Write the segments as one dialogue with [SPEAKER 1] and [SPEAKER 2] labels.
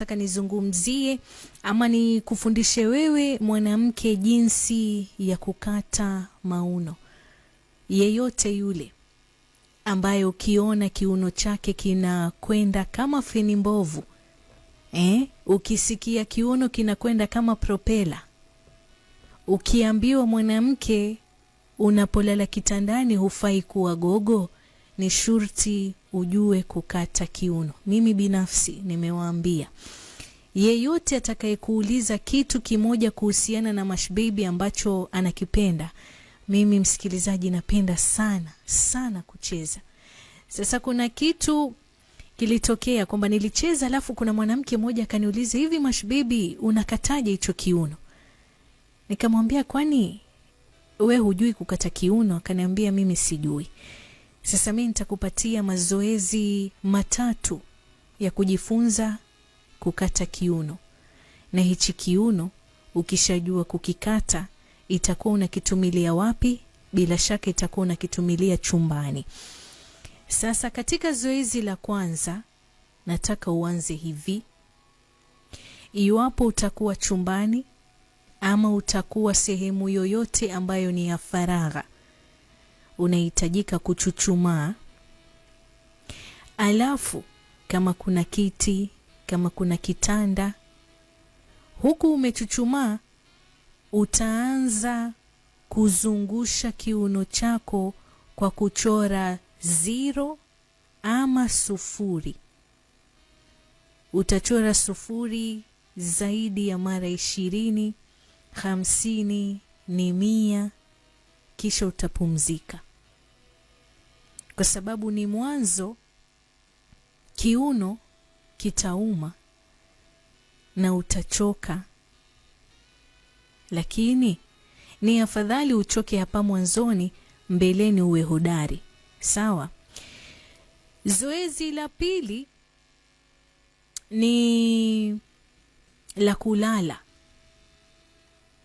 [SPEAKER 1] Nataka nizungumzie ama nikufundishe wewe mwanamke jinsi ya kukata mauno. Yeyote yule ambaye ukiona kiuno chake kinakwenda kama feni mbovu eh, ukisikia kiuno kinakwenda kama propela, ukiambiwa mwanamke, unapolala kitandani hufai kuwa gogo, ni shurti ujue kukata kiuno. Mimi binafsi nimewaambia yeyote atakayekuuliza kitu kimoja kuhusiana na Mash ambacho anakipenda, mimi msikilizaji, napenda sana sana kucheza. Sasa kuna kitu kilitokea kwamba nilicheza, alafu kuna mwanamke mmoja akaniuliza, hivi Mash unakataje hicho kiuno? Nikamwambia, kwani we hujui kukata kiuno? Akaniambia, mimi sijui. Sasa mi nitakupatia mazoezi matatu ya kujifunza kukata kiuno, na hichi kiuno ukishajua kukikata itakuwa unakitumilia wapi? Bila shaka itakuwa unakitumilia chumbani. Sasa katika zoezi la kwanza, nataka uanze hivi. Iwapo utakuwa chumbani ama utakuwa sehemu yoyote ambayo ni ya faragha, unahitajika kuchuchumaa. Alafu kama kuna kiti, kama kuna kitanda, huku umechuchumaa, utaanza kuzungusha kiuno chako kwa kuchora ziro ama sufuri. Utachora sufuri zaidi ya mara ishirini, hamsini, ni mia, kisha utapumzika kwa sababu ni mwanzo. Kiuno kitauma na utachoka, lakini ni afadhali uchoke hapa mwanzoni, mbeleni uwe hodari. Sawa. Zoezi la pili ni la kulala.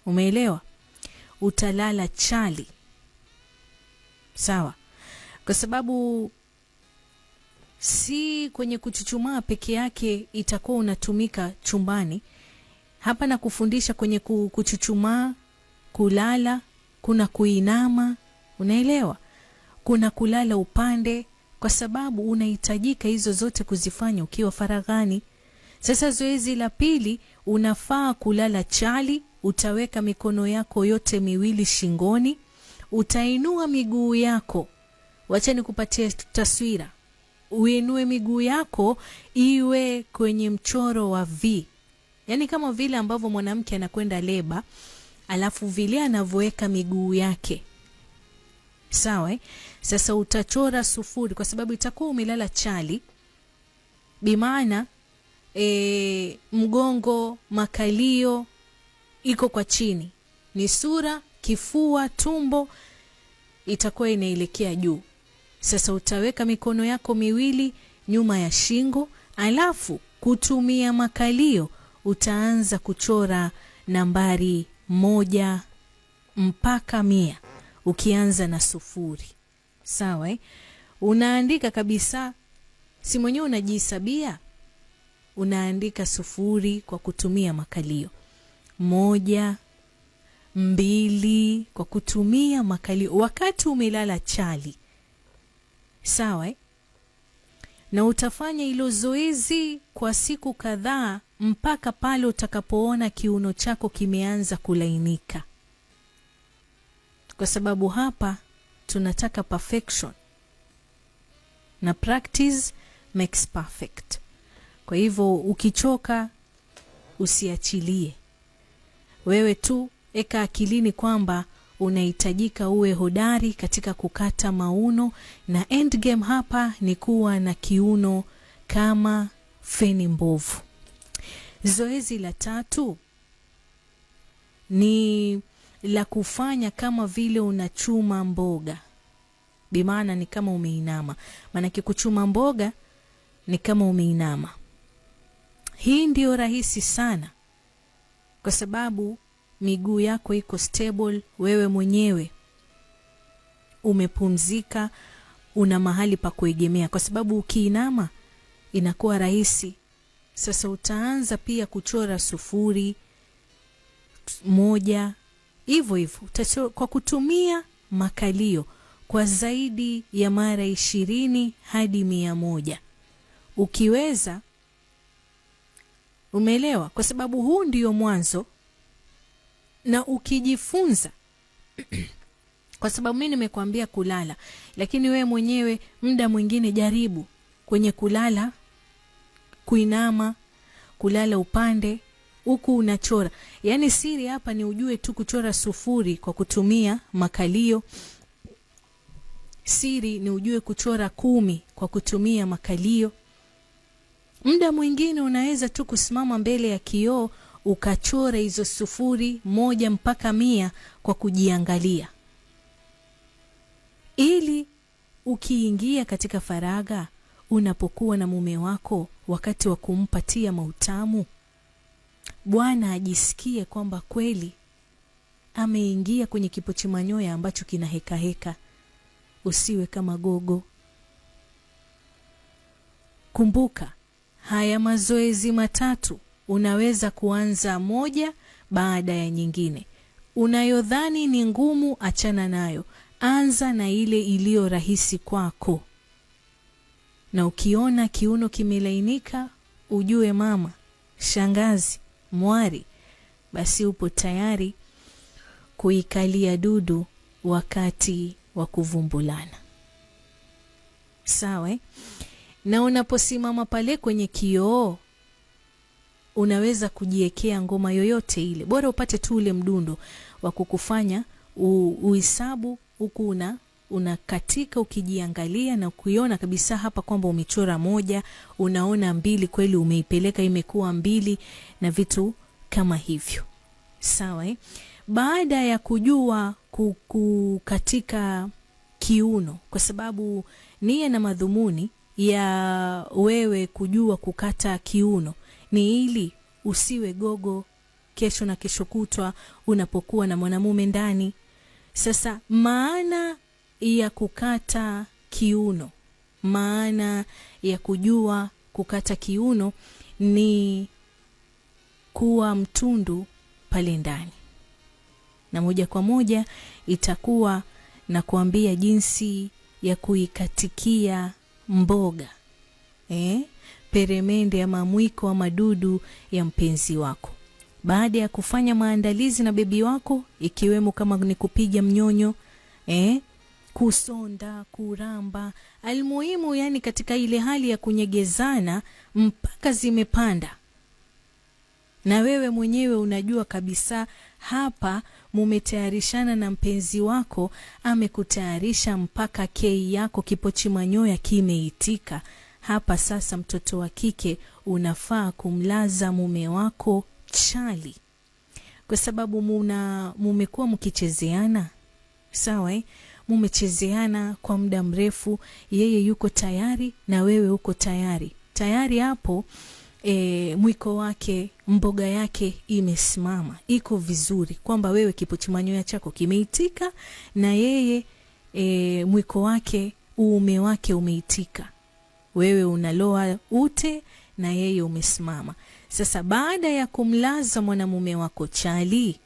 [SPEAKER 1] Umeelewa? Utalala chali. Sawa kwa sababu si kwenye kuchuchumaa peke yake itakuwa unatumika chumbani. Hapa na kufundisha kwenye kuchuchumaa, kulala, kuna kuinama, unaelewa, kuna kulala upande, kwa sababu unahitajika hizo zote kuzifanya ukiwa faraghani. Sasa zoezi la pili, unafaa kulala chali. Utaweka mikono yako yote miwili shingoni, utainua miguu yako wacha nikupatie taswira. Uinue miguu yako iwe kwenye mchoro wa V, yaani kama vile ambavyo mwanamke anakwenda leba, alafu vile anavyoweka miguu yake sawa. Eh? Sasa utachora sufuri, kwa sababu itakuwa umelala chali, bimaana e, eh, mgongo, makalio iko kwa chini, ni sura, kifua, tumbo itakuwa inaelekea juu. Sasa utaweka mikono yako miwili nyuma ya shingo, alafu kutumia makalio utaanza kuchora nambari moja mpaka mia, ukianza na sufuri. Sawa eh? Unaandika kabisa, si mwenyewe unajihesabia, unaandika sufuri kwa kutumia makalio, moja mbili, kwa kutumia makalio wakati umelala chali sawa eh? na utafanya hilo zoezi kwa siku kadhaa mpaka pale utakapoona kiuno chako kimeanza kulainika, kwa sababu hapa tunataka perfection na practice makes perfect. Kwa hivyo ukichoka usiachilie, wewe tu eka akilini kwamba unahitajika uwe hodari katika kukata mauno, na endgame hapa ni kuwa na kiuno kama feni mbovu. Zoezi la tatu ni la kufanya kama vile unachuma mboga, bimaana ni kama umeinama. Maanake kuchuma mboga ni kama umeinama. Hii ndiyo rahisi sana, kwa sababu miguu yako iko stable, wewe mwenyewe umepumzika, una mahali pa kuegemea, kwa sababu ukiinama inakuwa rahisi. Sasa utaanza pia kuchora sufuri moja, hivyo hivyo kwa kutumia makalio kwa zaidi ya mara ishirini hadi mia moja ukiweza. Umeelewa? Kwa sababu huu ndio mwanzo na ukijifunza kwa sababu mi nimekuambia kulala, lakini wewe mwenyewe muda mwingine jaribu kwenye kulala, kuinama, kulala upande huku unachora. Yaani siri hapa ni ujue tu kuchora sufuri kwa kutumia makalio. Siri ni ujue kuchora kumi kwa kutumia makalio. Muda mwingine unaweza tu kusimama mbele ya kioo ukachore hizo sufuri moja mpaka mia kwa kujiangalia, ili ukiingia katika faragha unapokuwa na mume wako, wakati wa kumpatia mautamu, Bwana ajisikie kwamba kweli ameingia kwenye kipochi manyoya ambacho kina heka heka. Usiwe kama gogo. Kumbuka haya mazoezi matatu unaweza kuanza moja baada ya nyingine. Unayodhani ni ngumu, achana nayo, anza na ile iliyo rahisi kwako. Na ukiona kiuno kimelainika, ujue mama, shangazi, mwari, basi upo tayari kuikalia dudu wakati wa kuvumbulana. Sawa. Eh? Na unaposimama pale kwenye kioo unaweza kujiwekea ngoma yoyote ile, bora upate tu ule mdundo wa kukufanya uhisabu huku una unakatika ukijiangalia na kuiona kabisa hapa kwamba umechora moja, unaona mbili, kweli umeipeleka imekuwa mbili na vitu kama hivyo. Sawa eh? Baada ya kujua kukatika kiuno, kwa sababu niye na madhumuni ya wewe kujua kukata kiuno ni ili usiwe gogo kesho na kesho kutwa unapokuwa na mwanamume ndani. Sasa maana ya kukata kiuno, maana ya kujua kukata kiuno ni kuwa mtundu pale ndani, na moja kwa moja itakuwa na kuambia jinsi ya kuikatikia mboga eh? peremende ama mwiko wa madudu ya mpenzi wako. Baada ya kufanya maandalizi na bebi wako, ikiwemo kama ni kupiga mnyonyo eh, kusonda, kuramba, almuhimu yani katika ile hali ya kunyegezana mpaka zimepanda na wewe mwenyewe unajua kabisa hapa mumetayarishana na mpenzi wako, amekutayarisha mpaka kei yako kipochi manyoya kimeitika. Hapa sasa, mtoto wa kike unafaa kumlaza mume wako chali, kwa sababu muna mumekuwa mkichezeana, sawa eh? Mumechezeana kwa muda mrefu, yeye yuko tayari na wewe uko tayari tayari hapo E, mwiko wake mboga yake imesimama iko vizuri, kwamba wewe kipochimanyoya chako kimeitika na yeye e, mwiko wake uume wake umeitika wewe unaloa ute na yeye umesimama. Sasa baada ya kumlaza mwanamume wako chali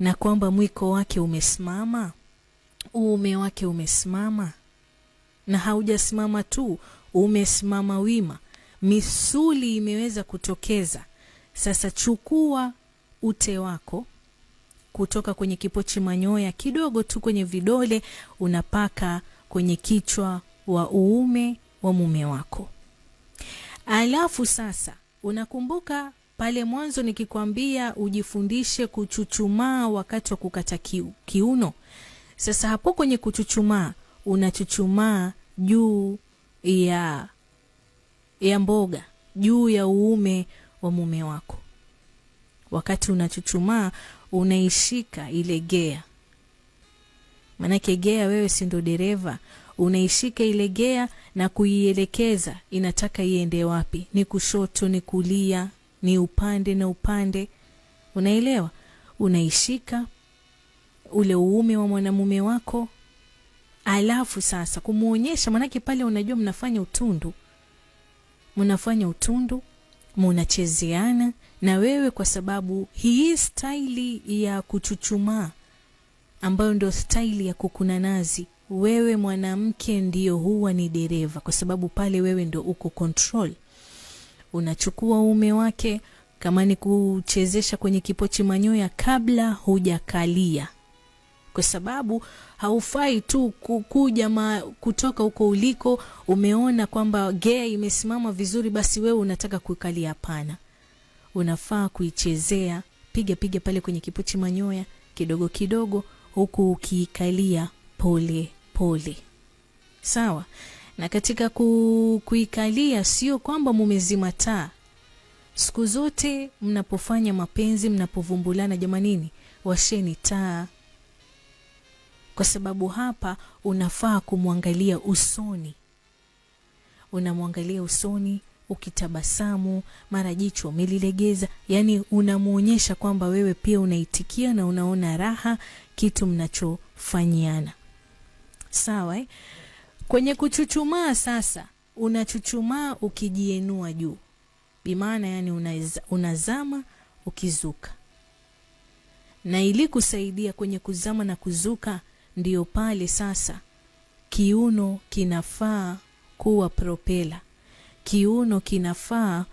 [SPEAKER 1] na kwamba mwiko wake umesimama, uume wake umesimama, na haujasimama tu, umesimama wima, misuli imeweza kutokeza. Sasa chukua ute wako kutoka kwenye kipochi manyoya kidogo tu kwenye vidole, unapaka kwenye kichwa wa uume wa mume wako. Alafu sasa, unakumbuka pale mwanzo nikikwambia ujifundishe kuchuchumaa wakati wa kukata kiu, kiuno. Sasa hapo kwenye kuchuchumaa, unachuchumaa juu ya ya mboga, juu ya uume wa mume wako. Wakati unachuchumaa, unaishika ile gea, maanake gea wewe sindo dereva unaishika ile gea na kuielekeza inataka iende wapi, ni kushoto, ni kulia, ni upande na upande, unaelewa? Unaishika ule uume wa mwanamume wako, alafu sasa kumwonyesha, manake pale unajua mnafanya utundu, mnafanya utundu, munachezeana na wewe, kwa sababu hii staili ya kuchuchumaa ambayo ndio staili ya kukunanazi wewe mwanamke ndiyo huwa ni dereva, kwa sababu pale wewe ndo uko control, unachukua uume wake, kama ni kuchezesha kwenye kipochi manyoya kabla hujakalia, kwa sababu haufai tu kuja ma, kutoka huko uliko umeona kwamba gea imesimama vizuri, basi wewe unataka kukalia Hapana, unafaa kuichezea, piga piga pale kwenye kipochi manyoya kidogo kidogo, huku ukiikalia pole pole. Sawa. Na katika ku, kuikalia sio kwamba mumezima taa. Siku zote mnapofanya mapenzi, mnapovumbulana, jamanini, washeni taa, kwa sababu hapa unafaa kumwangalia usoni, unamwangalia usoni ukitabasamu mara jicho umelilegeza, yaani unamwonyesha kwamba wewe pia unaitikia na unaona raha kitu mnachofanyiana sawa eh? Kwenye kuchuchumaa sasa, unachuchumaa ukijienua juu, bimaana yani unazama ukizuka, na ili kusaidia kwenye kuzama na kuzuka, ndiyo pale sasa kiuno kinafaa kuwa propela, kiuno kinafaa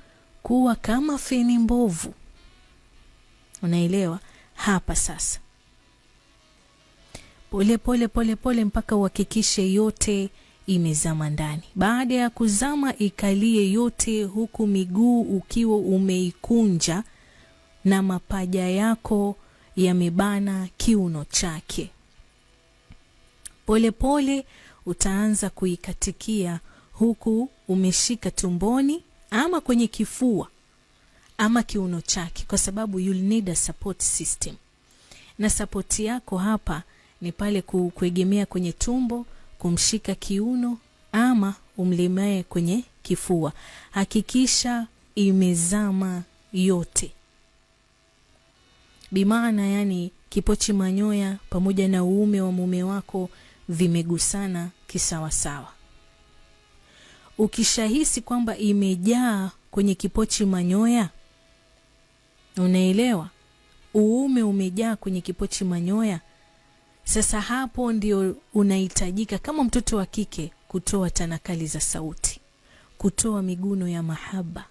[SPEAKER 1] kuwa kama feni mbovu, unaelewa hapa sasa pole pole pole pole mpaka uhakikishe yote imezama ndani. Baada ya kuzama, ikalie yote, huku miguu ukiwa umeikunja na mapaja yako yamebana kiuno chake. Polepole pole, utaanza kuikatikia huku umeshika tumboni ama kwenye kifua ama kiuno chake, kwa sababu you'll need a support system, na sapoti yako hapa ni pale kuegemea kwenye tumbo, kumshika kiuno ama umlemae kwenye kifua. Hakikisha imezama yote, bimaana yani kipochi manyoya pamoja na uume wa mume wako vimegusana kisawasawa. Ukishahisi kwamba imejaa kwenye kipochi manyoya, unaelewa uume umejaa kwenye kipochi manyoya, sasa hapo ndio unahitajika kama mtoto wa kike kutoa tanakali za sauti, kutoa miguno ya mahaba,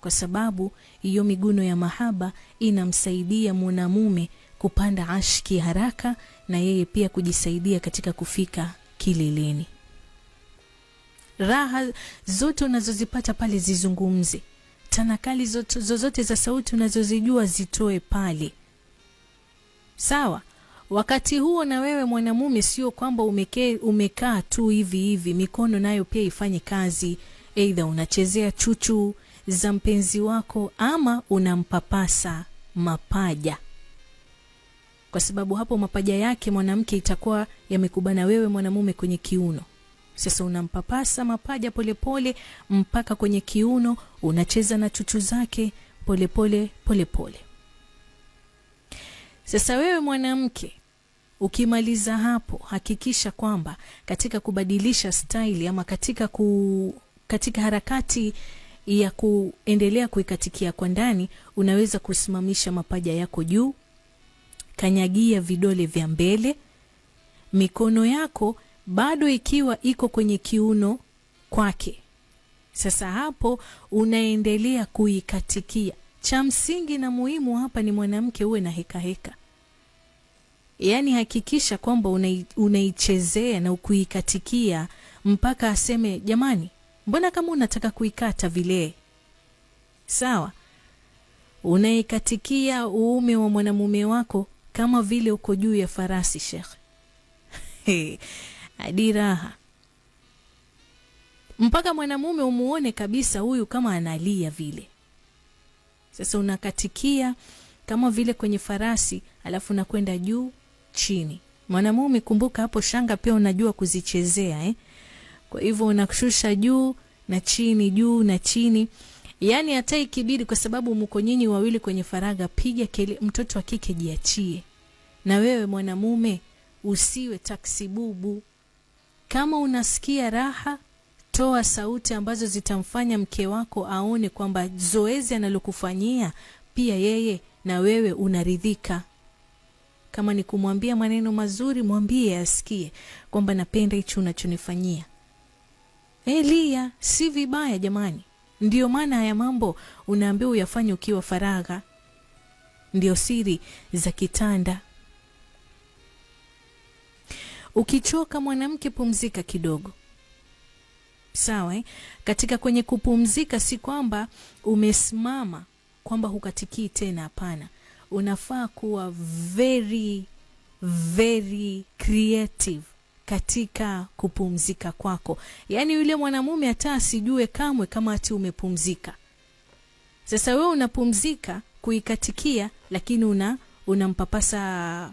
[SPEAKER 1] kwa sababu hiyo miguno ya mahaba inamsaidia mwanamume kupanda ashki haraka na yeye pia kujisaidia katika kufika kileleni. Raha zote unazozipata pale zizungumze, tanakali zozote za sauti unazozijua zitoe pale, sawa. Wakati huo na wewe mwanamume, sio kwamba umekaa tu hivi hivi, mikono nayo pia ifanye kazi. eidha unachezea chuchu za mpenzi wako ama unampapasa mapaja, kwa sababu hapo mapaja yake mwanamke itakuwa yamekubana wewe mwanamume kwenye kiuno. Sasa unampapasa mapaja polepole pole, mpaka kwenye kiuno, unacheza na chuchu zake polepole polepole pole. Sasa wewe mwanamke Ukimaliza hapo, hakikisha kwamba katika kubadilisha staili ama katika, ku, katika harakati ya kuendelea kuikatikia kwa ndani, unaweza kusimamisha mapaja yako juu, kanyagia vidole vya mbele, mikono yako bado ikiwa iko kwenye kiuno kwake. Sasa hapo unaendelea kuikatikia. Cha msingi na muhimu hapa ni mwanamke, uwe na hekaheka heka yaani hakikisha kwamba unaichezea una na ukuikatikia mpaka aseme jamani, mbona kama unataka kuikata vile. Sawa, unaikatikia uume wa mwanamume wako kama vile uko juu ya farasi, shekh Hadi raha mpaka mwanamume umuone kabisa huyu kama analia vile. Sasa unakatikia kama vile kwenye farasi, alafu nakwenda juu chini. Mwanamume kumbuka hapo, shanga pia unajua kuzichezea eh? Kwa hivyo unakushusha juu na chini, juu na chini, yani hata ikibidi, kwa sababu mko nyinyi wawili kwenye faraga piga kele, mtoto wa kike jiachie. Na wewe mwanamume usiwe taksi bubu. Kama unasikia raha, toa sauti ambazo zitamfanya mke wako aone kwamba zoezi analokufanyia pia yeye na wewe unaridhika. Kama ni kumwambia maneno mazuri, mwambie asikie kwamba napenda hicho unachonifanyia. Elia, si vibaya jamani. Ndiyo maana haya mambo unaambiwa uyafanye ukiwa faragha. Ndio siri za kitanda. Ukichoka mwanamke, pumzika kidogo, sawa eh? Katika kwenye kupumzika, si kwamba umesimama kwamba hukatikii tena, hapana unafaa kuwa very very creative katika kupumzika kwako, yaani yule mwanamume hata asijue kamwe kama ati umepumzika. Sasa wewe unapumzika kuikatikia, lakini una unampapasa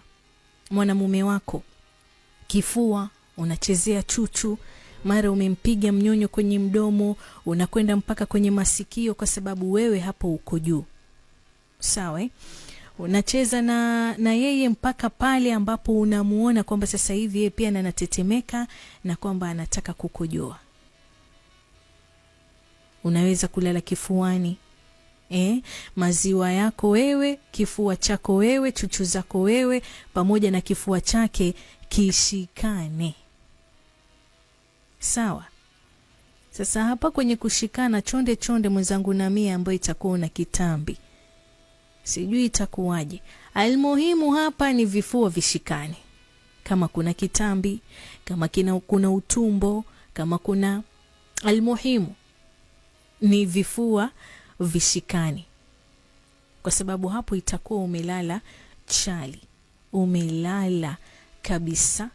[SPEAKER 1] mwanamume wako kifua, unachezea chuchu, mara umempiga mnyonyo kwenye mdomo, unakwenda mpaka kwenye masikio, kwa sababu wewe hapo uko juu, sawa eh? unacheza na, na yeye mpaka pale ambapo unamuona kwamba sasa hivi yeye pia anatetemeka na kwamba anataka kukojoa. Unaweza kulala kifuani eh, maziwa yako wewe, kifua chako wewe, chuchu zako wewe, pamoja na kifua chake kishikane, sawa? Sasa hapa kwenye kushikana, chonde chonde mwenzangu na mie, ambayo itakuwa una kitambi sijui itakuwaje. Almuhimu hapa ni vifua vishikane, kama kuna kitambi, kama kina, kuna utumbo, kama kuna almuhimu ni vifua vishikane, kwa sababu hapo itakuwa umelala chali, umelala kabisa.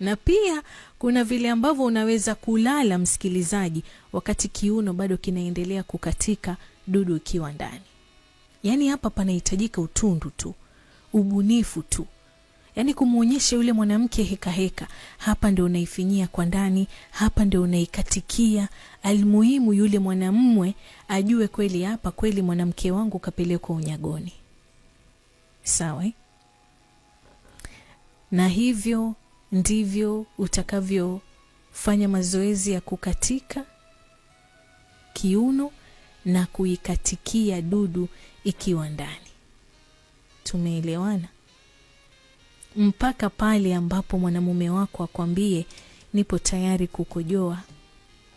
[SPEAKER 1] Na pia kuna vile ambavyo unaweza kulala msikilizaji, wakati kiuno bado kinaendelea kukatika, dudu ikiwa ndani. Yaani hapa panahitajika utundu tu, ubunifu tu, yaani kumwonyesha yule mwanamke hekaheka, hapa ndio unaifinyia kwa ndani, hapa ndio unaikatikia. Almuhimu yule mwanamme ajue kweli, hapa kweli mwanamke wangu kapelekwa unyagoni. Sawa, eh? na hivyo ndivyo utakavyofanya mazoezi ya kukatika kiuno na kuikatikia dudu ikiwa ndani. Tumeelewana? Mpaka pale ambapo mwanamume wako akwambie nipo tayari kukojoa,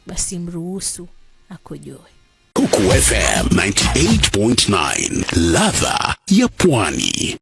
[SPEAKER 1] basi mruhusu akojoe. Coco FM 98.9 ladha ya Pwani.